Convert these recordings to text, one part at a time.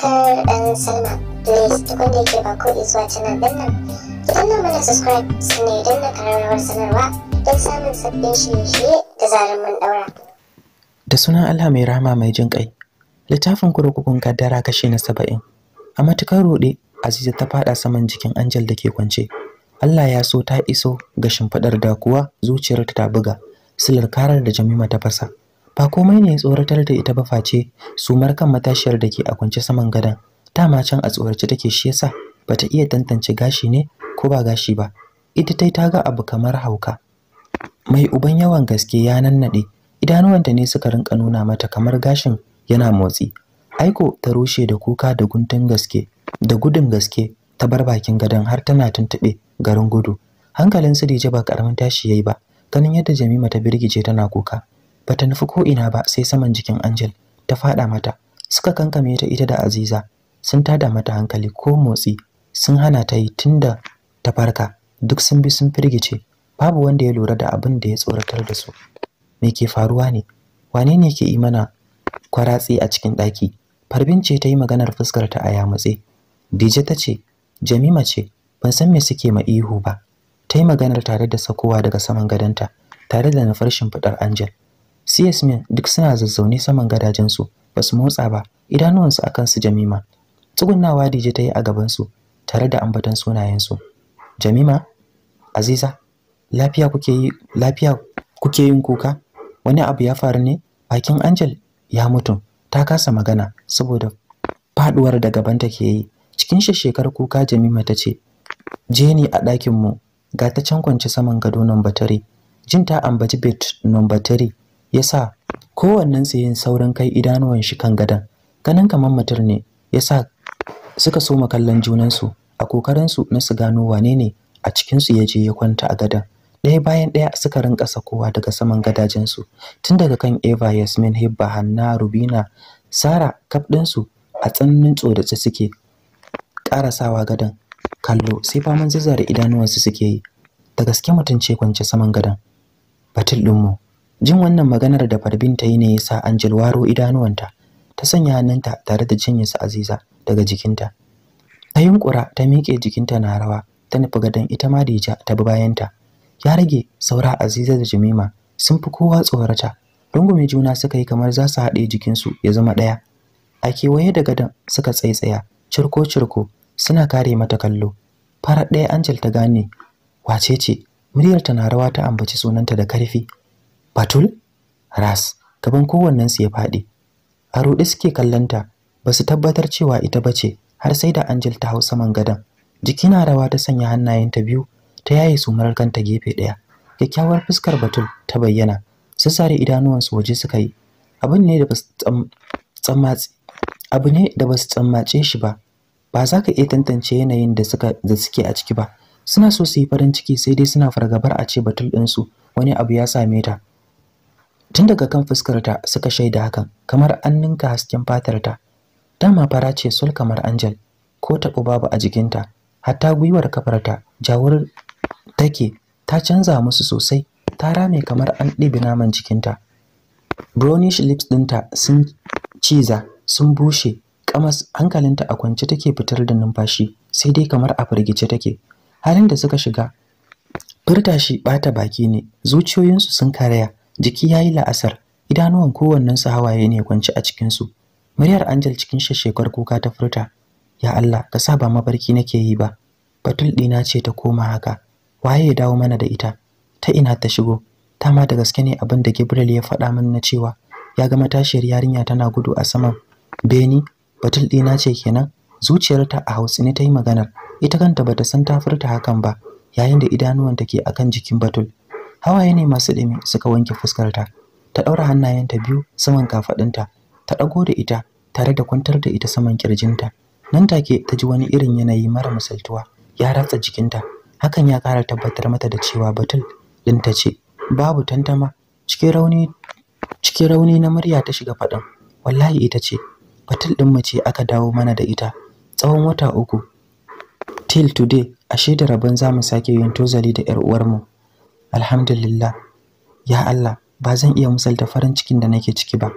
subscribe and sign up. Please da zuwa subscribe sanarwa don samun sabbin shirye da sunan Allah mai rahama mai jin kai. Littafin kurkukun kaddara kashi na saba'in. A matukar ruɗe, Aziza ta faɗa saman jikin Angel da ke kwance. Allah ya so ta iso ga shimfiɗar da kuwa zuciyarta ta buga, silar karar da Jamima ta fasa. ba komai ne tsoratar da ita ba face sumar kan matashiyar da ke a kwance saman gadon dama can a tsorace take shi yasa bata iya tantance gashi ne ko ba gashi ba ita tai ta ga abu kamar hauka mai uban yawan gaske ya nannade idanuwanta ne suka rinka nuna mata kamar gashin yana motsi aiko ta rushe da kuka da guntun gaske da gudun gaske ta bar bakin gadon har tana tuntube garin gudu hankalin su dije ba karamin tashi yayi ba ganin yadda Jamima ta birgice tana kuka bata nufi ko ina ba sai saman jikin Angel ta fada mata suka kankame ta ita da Aziza sun tada mata hankali ko motsi sun hana ta yi tunda ta farka duk sun bi sun firgice babu wanda ya lura da abin da ya tsoratar da su me ke faruwa ne wane ne ke mana kwaratsi a cikin ɗaki farbince ta yi maganar fuskar ta a yamutse dije ta ce jamima ce ban san me suke ma ihu ba ta yi maganar tare da sakowa daga saman gadonta tare da nufar shimfiɗar angel su yasmin duk suna zazzaune saman gadajensu ba su motsa ba idanuwansu akan su jamima tsugunnawa dije ta yi a gabansu tare da ambatan sunayensu jamima aziza lafiya kuke yi lafiya kuke yin kuka wani abu ya faru ne bakin angel ya mutu ta kasa magana saboda faduwar da gaban ke yi cikin shekar kuka jamima ta ce je ni a ɗakin mu ga ta can kwance saman gado nomba tare. jin ta ambaci bed nomba tare. ya sa kowannensu yin saurin kai idanuwan shi kan gadon ganin kamar mutur ne ya sa suka soma kallon junansu a kokarinsu na su gano wane ne a cikinsu ya je ya kwanta a gadon ɗaya bayan ɗaya suka rinka sakowa daga saman gadajen su tun daga kan eva yasmin hibba hanna rubina sara kaf ɗinsu a tsananin tsorace suke ƙarasawa gadon kallo sai faman zazzare idanuwansu suke yi da gaske mutum kwance saman gadon batul ɗinmu Jin wannan maganar da Farbin ta yi ne yasa Angel waro idanuwanta ta sanya hannunta tare da cinye su Aziza daga jikinta. Ta yunkura ta miƙe jikinta na rawa ta nufi gadon ita ma Dija ta bi bayanta. Ya rage saura Aziza da Jimima sun fi kowa tsorata. Rungume juna suka yi kamar za su haɗe jikinsu ya zama ɗaya. A kewaye da gadon suka tsaitsaya cirko-cirko suna kare mata kallo. Farar ɗaya Angel ta gane wace ce muryarta na rawa ta ambaci sunanta da karfi. batul ras gaban kowannensu ya faɗi a ruɗe suke kallonta ba su tabbatar cewa ita ba ce har sai da Angel ta hau saman gadon. Jiki na rawa ta sanya hannayenta biyu ta yaye su kanta gefe ɗaya. Kyakkyawar fuskar Batul ta bayyana. Sassare idanuwansu waje suka yi. Abin ne da ba tsammace abu ne da ba su tsammace shi ba. Ba za ka iya tantance yanayin da suka da suke a ciki ba. Suna so su yi farin ciki sai dai suna fargabar a ce Batul ɗinsu wani abu ya same ta. tun daga kan fuskarta suka shaida hakan kamar an ninka hasken fatarta dama fara ce sul kamar angel ko taɓo babu a jikinta hatta gwiwar kafarta jawur take ta canza musu sosai ta rame kamar an ɗibi naman jikinta brownish lips ɗinta sun ciza sun bushe kamas hankalinta a kwance take fitar da numfashi sai dai kamar a firgice take halin da suka shiga furta shi ɓata baki ne zuciyoyinsu sun karaya jiki ya yi la'asar idanuwan su hawaye ne kwanci a cikinsu muryar angel cikin shashekar kuka ta furta ya allah ka sa ba mafarki nake yi ba batul ɗina ce ta koma haka waye ya dawo mana da ita ta ina ta shigo ta ma da gaske ne abin da Gabriel ya faɗa min na cewa ya ga matashiyar yarinya tana gudu a saman beni batul ɗina ce kenan zuciyarta a hausa ne ta yi maganar ita kanta bata san ta furta hakan ba yayin da idanuwanta ke akan jikin batul hawaye ne masu ɗumi suka wanke fuskarta ta ɗaura hannayenta biyu saman kafaɗinta ta ɗago da ita tare da kwantar da ita saman kirjinta nan take ta ji wani irin yanayi mara misaltuwa ya ratsa jikinta hakan ya kara tabbatar mata da cewa batul ɗinta ce babu tantama cikin rauni cikin rauni na murya ta shiga faɗin wallahi ita ce batul ɗin mu ce aka dawo mana da ita tsawon wata uku till today ashe da rabon zamu sake yin tozali da 'yar uwarmu alhamdulillah ya Allah ba zan iya misalta farin cikin da nake ciki ba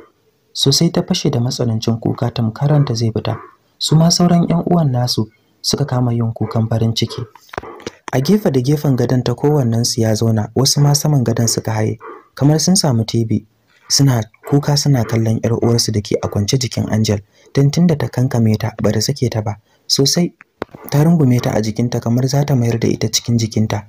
sosai ta fashe da matsanancin kuka ta zai fita su ma sauran yan uwan nasu suka kama yin kukan farin ciki a gefe da gefen gadon ta kowannen su ya zauna wasu ma saman gadon suka haye kamar sun samu TV suna kuka suna kallon yar uwarsu dake a kwance jikin Angel dan tunda ta kankame ta ba da sake ta ba sosai ta rungume ta a jikinta kamar za ta mayar da ita cikin jikinta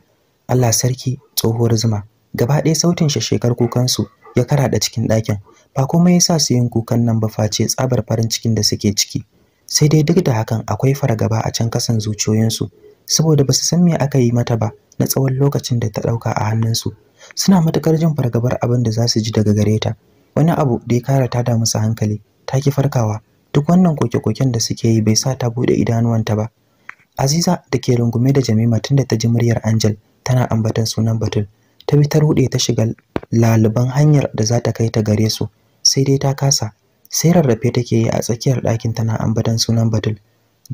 Allah sarki tsohuwar zuma gaba ɗaya sautin shashekar su ya karaɗa cikin ɗakin ba komai ya sa su yin kukan nan ba face tsabar farin cikin da suke ciki sai dai duk da hakan akwai fargaba a can kasan zuciyoyinsu saboda ba su san me aka yi mata ba na tsawon lokacin da ta ɗauka a hannunsu suna matukar jin fargabar abin da za su ji daga gare ta wani abu da ya kara tada musu hankali ta ki farkawa duk wannan koke-koken da suke yi bai sa ta buɗe idanuwanta ba aziza da ke rungume da jamima tunda ta ji muryar angel tana ambaton sunan Batul ta bi ta rude ta shiga laluban hanyar da za ta kai ta gare su sai dai ta kasa sai rarrafe take yi a tsakiyar ɗakin tana ambaton sunan Batul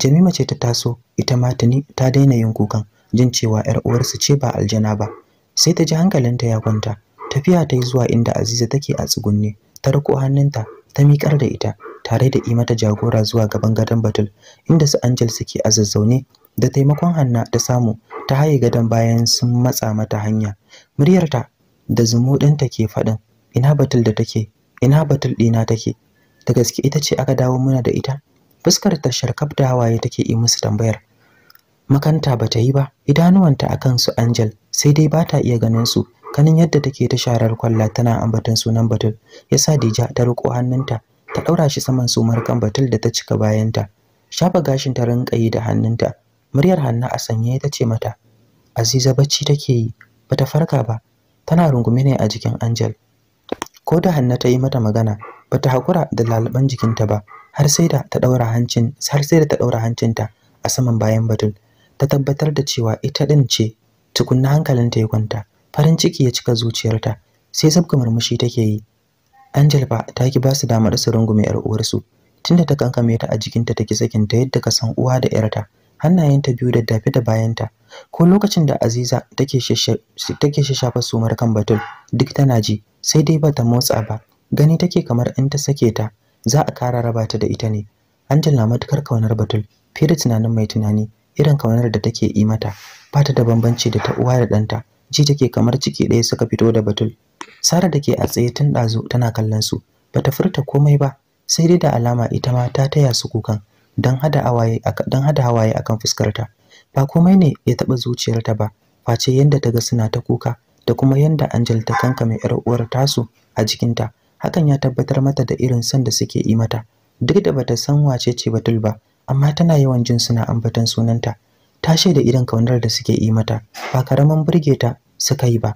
Jamima ce ta taso ita ma tuni ta daina yin kukan jin cewa ‘yar uwarsu ce ba aljana ba sai ta ji hankalinta ya kwanta tafiya ta yi zuwa inda Aziza take a tsugunne ta riko hannunta ta miƙar da ita tare da imata jagora zuwa gaban gadon Batul inda su Angel suke a zazzaune da taimakon hanna da samu ta haye gadon bayan sun matsa mata hanya muryarta da zumudinta ke faɗin ina batul da take ina batul ɗina take da gaske ita ce aka dawo muna da ita fuskar ta sharkaf da hawaye take yi musu tambayar makanta bata yi ba idanuwanta akan su angel sai dai bata iya ganin su kanin yadda take ta sharar kwalla tana ambaton sunan batul yasa dija ta riko hannunta ta ɗaura shi saman sumar kan batul da ta cika bayanta shafa gashin ta rinka da hannunta muryar hanna a sanye ta ce mata aziza bacci take yi bata farka ba tana rungume ne a jikin angel ko da hanna ta yi mata magana bata hakura da lalaban jikinta ba har sai da ta daura hancin har sai da ta daura hancinta a saman bayan batun. ta tabbatar da cewa ita din ce tukunna hankalinta ya kwanta farin ciki ya cika zuciyarta sai sabka murmushi take yi Angel ba ta ki ba su damar su rungume yar uwarsu tunda ta kankame ta a jikinta take sakin ta yadda ka san uwa da yarta hannayenta biyu da dafe da bayanta ko lokacin da aziza take shafa sumar kan batul duk tana ji sai dai ba ta motsa ba gani take kamar in ta sake ta za a kara raba ta da ita ne angel na matukar kaunar batul fiye tunanin mai tunani irin kaunar da take yi mata ba ta da bambanci da ta uwa da ɗanta ji take kamar ciki ɗaya suka fito da batul sara da ke a tsaye tun ɗazu tana kallon su ba ta furta komai ba sai dai da alama ita ma ta taya su kukan don hada hawaye akan fuskarta ba komai ne ya taɓa zuciyarta ba face yanda ta ga suna ta kuka da kuma yanda Angel ta kanka mai yar uwar tasu a jikinta hakan ya tabbatar mata da irin san da suke yi mata duk da bata san wace ce Batul ba amma tana yawan jin suna ambatan sunanta ta shaida irin kaunar da suke yi mata ba karaman burge ta suka yi ba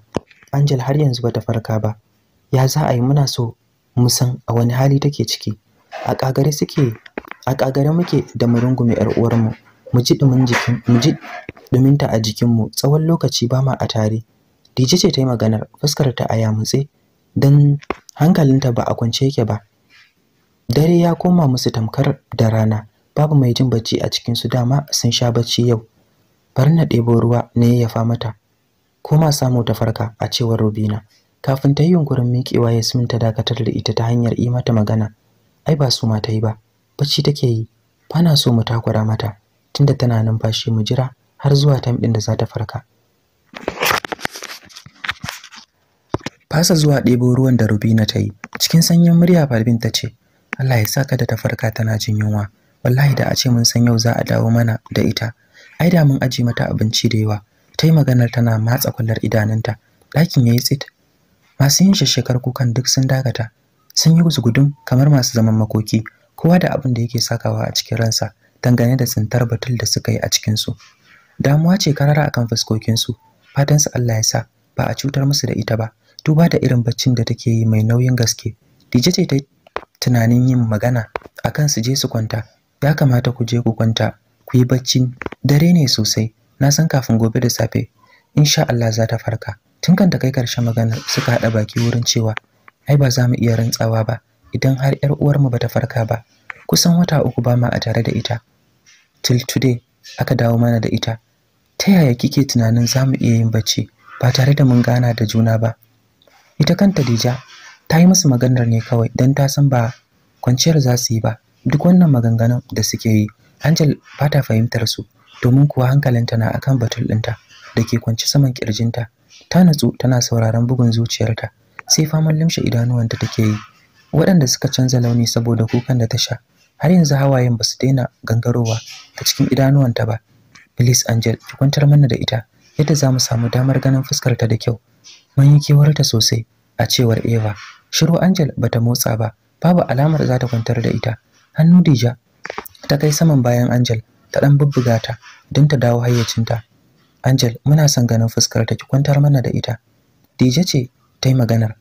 Angel har yanzu bata farka ba ya za a yi muna so mu san a wani hali take ciki a kagare suke a ƙagare muke da mu rungume ‘yar uwarmu mu ji dumin jikin mu ji a jikinmu tsawon lokaci ba ma a tare dije ce ta yi maganar fuskar ta a yamutse don hankalinta ba a kwance yake ba dare ya koma musu tamkar da rana babu mai jin bacci a cikin su dama sun sha bacci yau bari na ɗebo ruwa ya fa mata koma samu ta farka a cewar rubina kafin ta yi yunkurin miƙewa sun ta dakatar da ita ta hanyar yi mata magana ai ba su ma ta yi ba bacci take yi bana so mu takura mata tunda tana numfashi mu jira har zuwa time din da za ta farka fasa zuwa ɗebo ruwan da Rubina ta yi cikin sanyin murya Balbin ta ce Allah ya saka da ta farka tana jin yunwa wallahi da a ce mun san yau za a dawo mana da ita ai da mun aje mata abinci da yawa ta yi maganar tana matsa kwallar idanunta ɗakin ya yi tsit masu yin shekar kukan duk sun dakata sun yi gudun kamar masu zaman makoki kowa da abin da yake sakawa a cikin ransa dangane da tsintar batul da suka yi a cikin su damuwa ce karara akan fuskokin su fatan su Allah ya sa ba a cutar musu da ita ba duba da irin baccin da take yi mai nauyin gaske dije ce ta tunanin yin magana akan su je su kwanta ya kamata ku je ku kwanta ku yi baccin dare ne sosai na san kafin gobe da safe insha Allah za ta farka tun kan ta kai karshen magana suka haɗa baki wurin cewa ai ba za mu iya rantsawa ba idan har ‘yar uwarmu ba ta farka ba. Kusan wata uku ba ma a tare da ita. Till today aka dawo mana da ita. Ta yaya kike tunanin za mu iya yin bacci ba tare da mun gana da juna ba? Ita kanta Dija ta yi musu maganar ne kawai dan ta san ba kwanciyar za su yi ba. Duk wannan maganganun da suke yi, Angel ba ta fahimtar su domin kuwa hankalinta na akan batul ɗinta da ke kwanci saman kirjinta. Ta natsu tana sauraron bugun zuciyarta sai faman limshe idanuwanta take yi. waɗanda suka canza launi saboda kukan da ta sha har yanzu hawayen ba su daina gangarowa ta cikin idanuwanta ba please angel ki kwantar mana da ita yadda za mu samu damar ganin fuskarta da kyau mun yi kewarta sosai a cewar eva shiru angel bata motsa ba babu alamar za ta kwantar da ita hannu dija ta kai saman bayan angel ta dan bubbuga ta don ta dawo hayyacinta angel muna son ganin fuskar ta. ki kwantar mana da ita dija ce ta yi maganar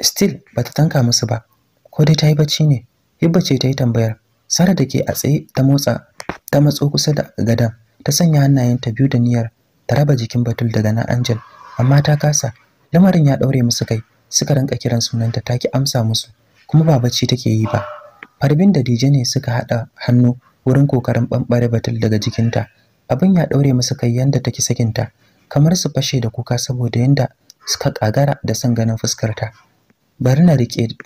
still bata tanka musu ba ko dai ta yi bacci ne hibba ce ta yi tambayar sara da ke a tsaye ta motsa ta matso kusa da gadan ta sanya hannayenta biyu da niyyar ta raba jikin batul daga na angel amma ta kasa lamarin ya ɗaure musu kai suka rinka kiran sunanta ta ki amsa musu kuma ba bacci take yi ba farbin da dije ne suka haɗa hannu wurin kokarin ɓamɓare batul daga jikinta abin ya ɗaure musu kai yanda take sakinta kamar su fashe da kuka saboda yanda suka ƙagara da son ganin fuskarta bari na rike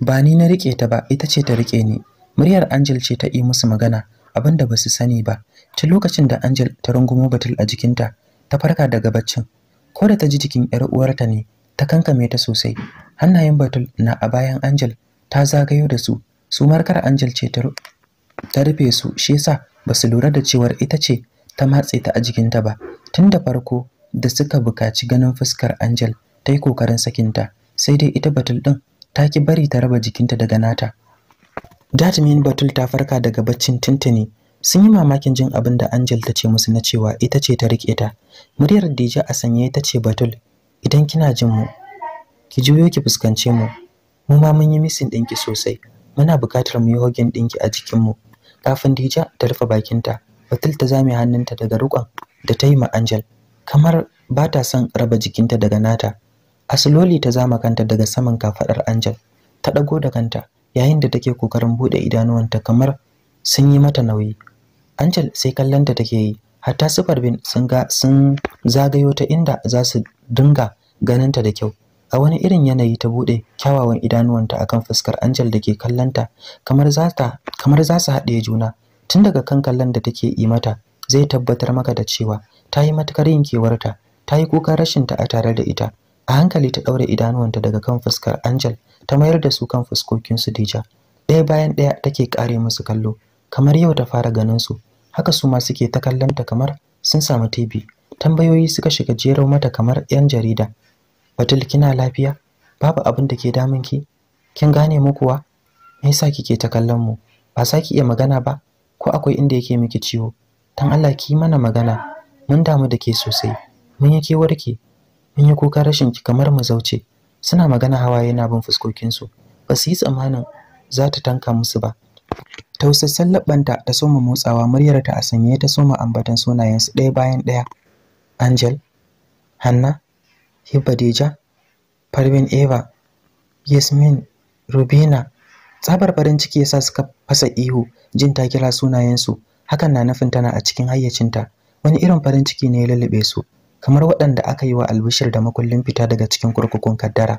ba ni na rike ta ba ita ce ta rike ni muryar Angel ce ta yi musu magana abinda basu sani ba tun lokacin da Angel ta rungumo batul a jikinta ta farka daga baccin ko da ta ji jikin yar uwarta ne ta kankame ta sosai hannayen batul na a bayan Angel ta zagayo da su su markar Angel ce ta rufe su shi yasa basu lura da cewar ita ce ta matse ta a jikinta ba tun da farko da suka bukaci ganin fuskar Angel ta yi ƙoƙarin sakinta sai dai ita batul ɗin ta ki bari ta raba jikinta daga nata Jasmine batul ta farka daga baccin tuntuni sun yi mamakin jin abin da Angel ta ce musu na cewa ita ce ta rike ta muryar Dija a sanye ta ce batul idan kina jin mu ki juyo ki fuskance mu mu ma mun yi missing ɗinki sosai muna buƙatar mu yi hogin ɗinki a jikin mu kafin Dija ta rufe bakinta Batul ta zame hannunta daga rukon da ta yi ma Angel kamar ba ta son raba jikinta daga nata asloli ta zama kanta daga saman kafadar Angel ta dago da kanta yayin da take kokarin bude idanuwanta kamar sun yi mata nauyi Angel sai kallanta take yi hatta sifar bin sun ga sun zagayo ta inda za su dinga ganinta da kyau a wani irin yanayi ta bude kyawawan idanuwanta akan fuskar Angel da ke kallanta kamar za ta kamar za su haɗe juna tun daga kan kallon da take yi mata zai tabbatar maka da cewa ta yi matukar yankewarta ta yi kukan rashinta a tare da ita a hankali ta ɗaure idanuwanta daga kan fuskar angel ta mayar da su kan fuskokin su dija ɗaya bayan ɗaya take ƙare musu kallo kamar yau ta fara ganin su haka su ma suke ta kallanta kamar sun samu tv tambayoyi suka shiga jero mata kamar yan jarida batul kina lafiya babu abin da ke damun ki kin gane mu kuwa me yasa kike ta kallon mu ba sa ki iya magana ba ko akwai inda yake miki ciwo dan Allah ki mana magana mun damu da ke sosai mun yi warke mun yi kuka rashin ki kamar mu zauce suna magana hawaye na bin fuskokinsu ba su yi tsammanin za ta tanka musu ba tausassan labbanta ta soma motsawa muryar ta a sanye ta soma ambatan sunayensu ɗaya bayan ɗaya angel hanna hibadija parvin eva yasmin rubina tsabar farin ciki yasa suka fasa ihu jin ta kira sunayensu hakan na nufin tana a cikin hayyacinta wani irin farin ciki ne ya lalube su kamar waɗanda aka yi wa albishir da makullin fita daga cikin kurkukun kaddara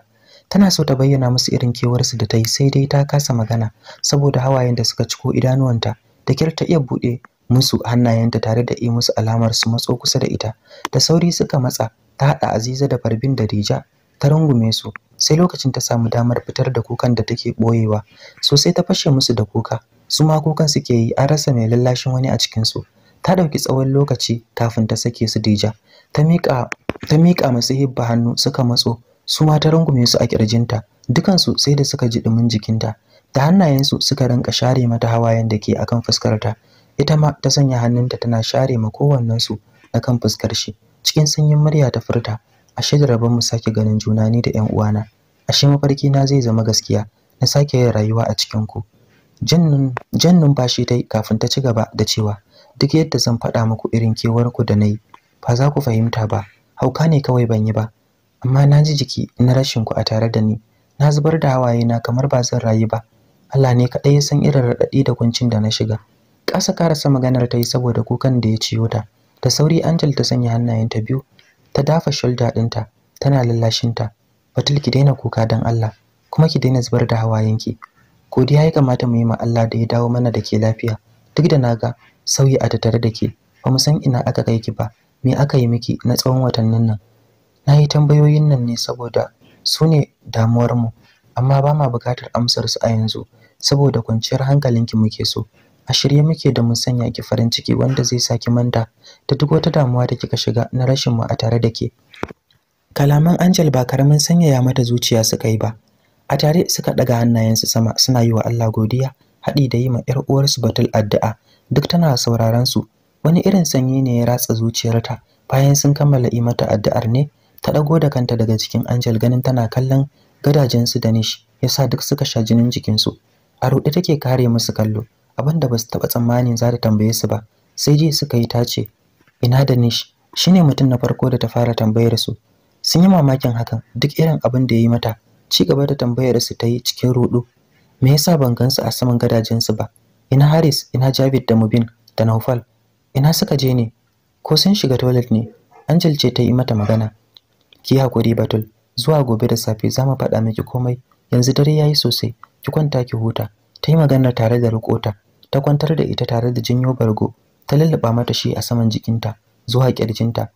tana so ta bayyana musu irin kewarsu da ta yi sai dai ta kasa magana saboda hawayen da suka ciko idanuwanta da kyar ta iya buɗe musu hannayenta tare da yi musu alamar su matso kusa da ita da sauri suka matsa ta haɗa aziza da farbin da rija ta rungume su sai lokacin ta samu damar fitar da kukan da take ɓoyewa sosai ta fashe musu da kuka su ma kukan suke yi an rasa mai lallashin wani a cikinsu ta ɗauki tsawon lokaci kafin ta sake su Dija ta miƙa ta masu hibba hannu suka matso su ma ta rungume su a kirjinta dukansu sai da suka ji dumin jikinta da hannayensu suka rinka share mata hawayen da ke akan fuskarta ita ma ta sanya hannunta tana share ma kowannensu na kan fuskar shi cikin sanyin murya ta furta ashe da rabon mu sake ganin juna ni da ƴan uwana ashe mafarki na zai zama gaskiya na sake yin rayuwa a cikin ku jannun numfashi ta yi kafin ta ci gaba da cewa duk yadda zan faɗa muku irin kewar ku da nayi ba za ku fahimta ba hauka ne kawai ban yi ba amma na ji jiki na rashin ku a tare da ni na zubar da hawaye na kamar ba zan rayu ba Allah ne kaɗai ya san irin raɗaɗi da kuncin da na shiga ƙasa karasa maganar ta yi saboda kukan da ya ciyo ta da sauri Angel ta sanya hannayenta biyu ta dafa shoulder ɗinta tana lallashinta Batul ki daina kuka don Allah kuma ki daina zubar da hawayenki godiya ya kamata mu yi ma Allah da ya dawo mana da ke lafiya duk da na ga. sauyi a tattare da ke ba mu san ina aka kai ki ba me aka yi miki na tsawon watannin nan na yi tambayoyin nan ne saboda su ne damuwarmu amma ba ma buƙatar amsar su a yanzu saboda kwanciyar hankalinki muke so a shirye muke da mun sanya ki farin ciki wanda zai sa ki manta da duk wata damuwa da kika shiga na rashin mu a tare da ke kalaman Angel ba karamin sanyaya mata zuciya su kai ba a tare suka daga hannayensu sama suna yi wa Allah godiya haɗi da yi ma 'yar uwarsu batul addu'a duk tana sauraron su wani irin sanyi ne ya ratsa zuciyarta bayan sun kammala yi mata addu'ar ne ta dago da kanta daga cikin Angel ganin tana kallon gadajen su da nish yasa duk suka sha jinin jikin su a ruɗe take kare musu kallo abinda basu taba tsammanin za ta tambaye su ba sai ji suka yi tace ina da nish shine mutum na farko da ta fara tambayar su sun yi mamakin hakan duk irin abin da ya yi mata ci gaba da tambayar su ta yi cikin ruɗu me yasa ban gansu a saman gadajen su ba ina haris ina jabir da mubin da naufal ina suka je ne ko sun shiga toilet ne angel ce ta yi mata magana ki hakuri batul zuwa gobe da safe za mu faɗa miki komai yanzu dare ya yi sosai ki kwanta ki huta ta yi magana tare da rukota ta kwantar da ita tare da jinyo bargo ta lallaba mata shi a saman jikinta zuwa ƙirjinta.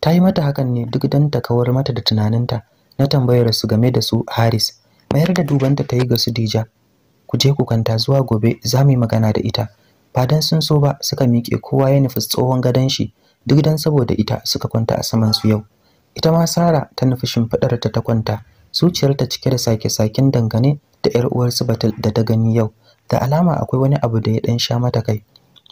ta yi mata hakan ne duk don ta kawar mata da tunaninta na tambayar su game da su Haris mayar da dubanta ta yi ga su Dija ku je ku kwanta zuwa gobe za mu yi magana da ita ba dan sun so ba suka miƙe kowa ya nufi tsohon gadon shi duk dan saboda ita suka kwanta a saman su yau ita ma Sara ta nufi shimfiɗar ta ta kwanta zuciyarta cike da sake-saken dangane da ƴar uwarsu Batul da ta gani yau da alama akwai wani abu da ya ɗan sha mata kai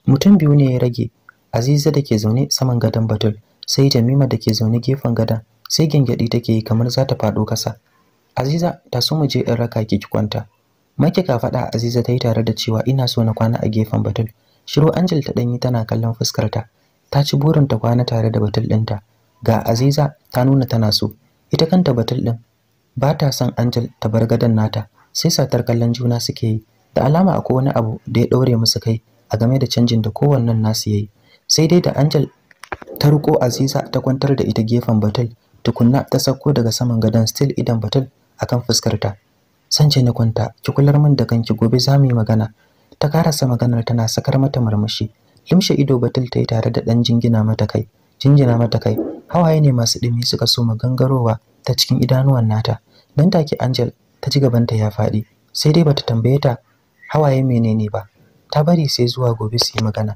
mutum biyu ne ya rage Aziza da ke zaune saman gadon Batul sai Jamima da ke zaune gefen gadon sai gyangyaɗi take yi kamar za ta faɗo ƙasa. Aziza ta so mu je in raka ki kwanta Makika ka faɗa Aziza ta yi tare da cewa ina so na kwana a gefen Batul. Shiru Angel ta ɗanyi tana kallon fuskarta. Ta ci burin ta kwana tare da Batul ɗinta. Ga Aziza ta nuna tana so. Ita kanta Batul ɗin ba ta son Angel ta bar gadon nata. Sai satar kallon juna suke yi. Da alama akwai wani abu da ya ɗaure musu kai a game da canjin da kowannen nasu yayi. Sai dai da Angel ta riko Aziza ta kwantar da ita gefen Batul tukunna ta sauko daga saman gadon still idan Batul akan fuskarta. san je kwanta ki kular min da kanki gobe za mu yi magana ta karasa maganar tana sakar mata murmushi limshe ido batul ta yi tare da ɗan jingina mata kai jingina mata kai hawaye ne masu dumi suka so magangarowa ta cikin idanuwan nata dan take angel ta ji ta ya faɗi sai dai bata tambaye ta hawaye menene ba ta bari sai zuwa gobe su yi magana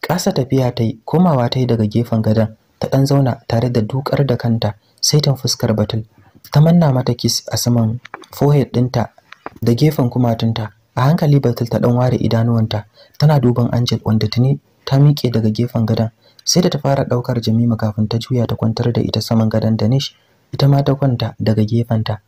Kasa tafiya ta yi komawa ta yi daga gefen gadon ta ɗan zauna tare da dukar da kanta saitin fuskar batul ta manna mata kiss a saman forehead ɗinta da gefen kumatunta a hankali batul ta dan ware idanuwanta tana duban angel wanda tuni ta miƙe daga gefen gadon sai da ta fara ɗaukar jamima kafin ta juya ta kwantar da ita saman gadon danish ita ma ta kwanta daga gefenta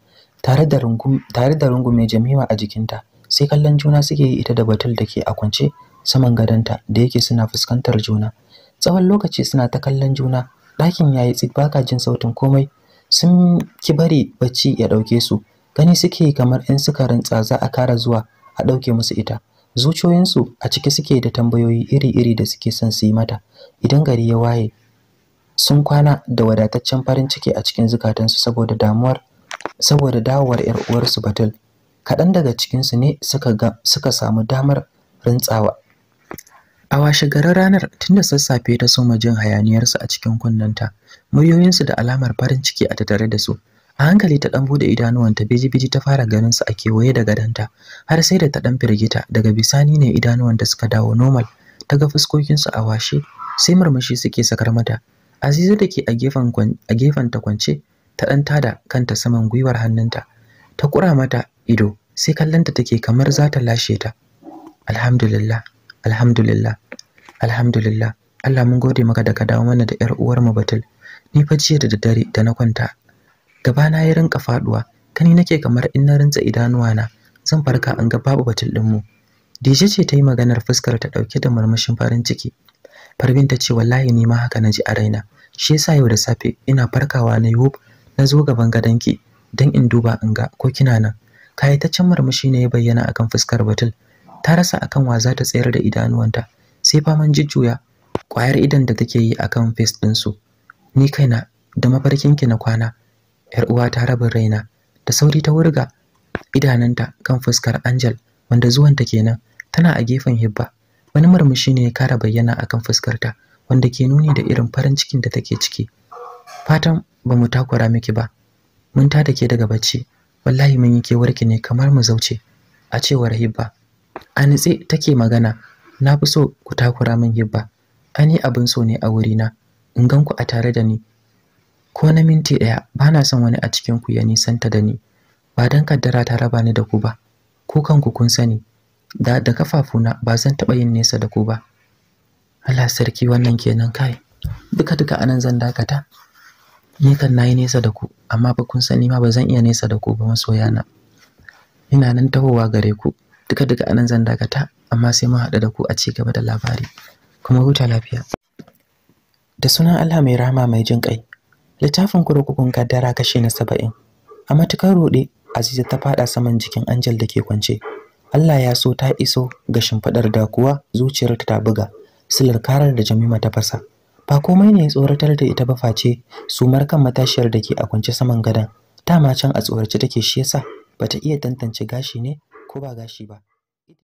tare da rungum tare da rungume jamima a jikinta sai kallon juna suke yi ita da batul da ke a kwance saman gadonta da yake suna fuskantar juna tsawon lokaci suna ta kallon juna ɗakin yayi tsibaka baka jin sautin komai sun ki bari bacci ya ɗauke su gani suke kamar suka sukarin tsaza a kara zuwa a ɗauke musu ita zuciyoyinsu a ciki suke da tambayoyi iri-iri da suke son su yi mata idan gari ya waye sun kwana da wadataccen farin ciki a cikin zukatansu saboda damuwar saboda dawowar 'yar uwarsu batul kaɗan daga cikinsu ne suka suka samu damar rintsawa A washe garin ranar tunda sassafe ta soma jin hayaniyarsu a cikin kunnenta, muryoyinsu da alamar farin ciki a tattare da su. A hankali ta ɗan buɗe idanuwanta biji-biji ta fara ganin su a kewaye da gadonta, har sai da ta ɗan firgita daga bisani ne idanuwanta suka dawo normal, ta ga fuskokinsu a washe sai murmushi suke sakar mata. Aziza da ke a gefen ta kwance ta ɗan tada kanta saman gwiwar hannunta, ta kura mata ido sai kallonta take kamar za ta lashe ta. Alhamdulillah, alhamdulillah alhamdulillah Allah mun gode maka da ka dawo mana da 'yar uwar mu Batul ni fa jiya da daddare da na kwanta gaba na yi rinka faduwa kani nake kamar in na rinta idanuwa na zan farka an ga babu Batul din mu Dije ce ta yi maganar fuskar ta dauke da murmushin farin ciki Farbin ta ce wallahi ni ma haka naji a raina shi yasa yau da safe ina farkawa na yi na zo gaban ki, dan in duba in ga ko kina nan kayataccen murmushi ne ya bayyana akan fuskar Batul ta rasa akan wa za ta tsayar da idanuwanta sai faman jujjuya ƙwayar idan da take yi akan face su ni kaina da mafarkinki na kwana yar uwa ta rabin raina da sauri ta wurga idananta kan fuskar Angel wanda zuwan ta kenan tana a gefen Hibba wani murmushi ne ya kara bayyana akan fuskarta wanda ke nuni da irin farin cikin da take ciki fatan ba mu takura miki ba mun tada ke daga bacci wallahi mun yi kewarki ne kamar mu zauce a cewar Hibba a nitse take magana na fi so ku takura min hibba ani abin so ne a wurina in gan ku a tare da ni ko na minti ɗaya ba na son wani a cikin ku ya nisanta da ni ba dan kaddara ta raba ni da ku ba ku kanku kun sani da da kafafuna ba zan taɓa yin nesa da ku ba Allah sarki wannan kenan kai duka duka anan zan dakata ni kan nayi nesa da ku amma ba kun sani ma ba zan iya nesa da ku ba masoyana ina nan tahowa gare ku duka duka anan zan dakata amma sai mun haɗu da ku a ci gaba da labari kuma huta lafiya da sunan Allah mai rahama mai jin kai littafin kurkukun kaddara kashe na saba'in a matukar roɗe, Aziza ta faɗa saman jikin Angel da ke kwance Allah ya so ta iso ga shimfiɗar da kuwa zuciyarta ta buga silar karar da Jamima ta fasa ba komai ne tsoratar da ita ba face sumar kan matashiyar da ke a kwance saman gadon Ta can a tsorace take shi yasa bata iya tantance gashi ne ko ba gashi ba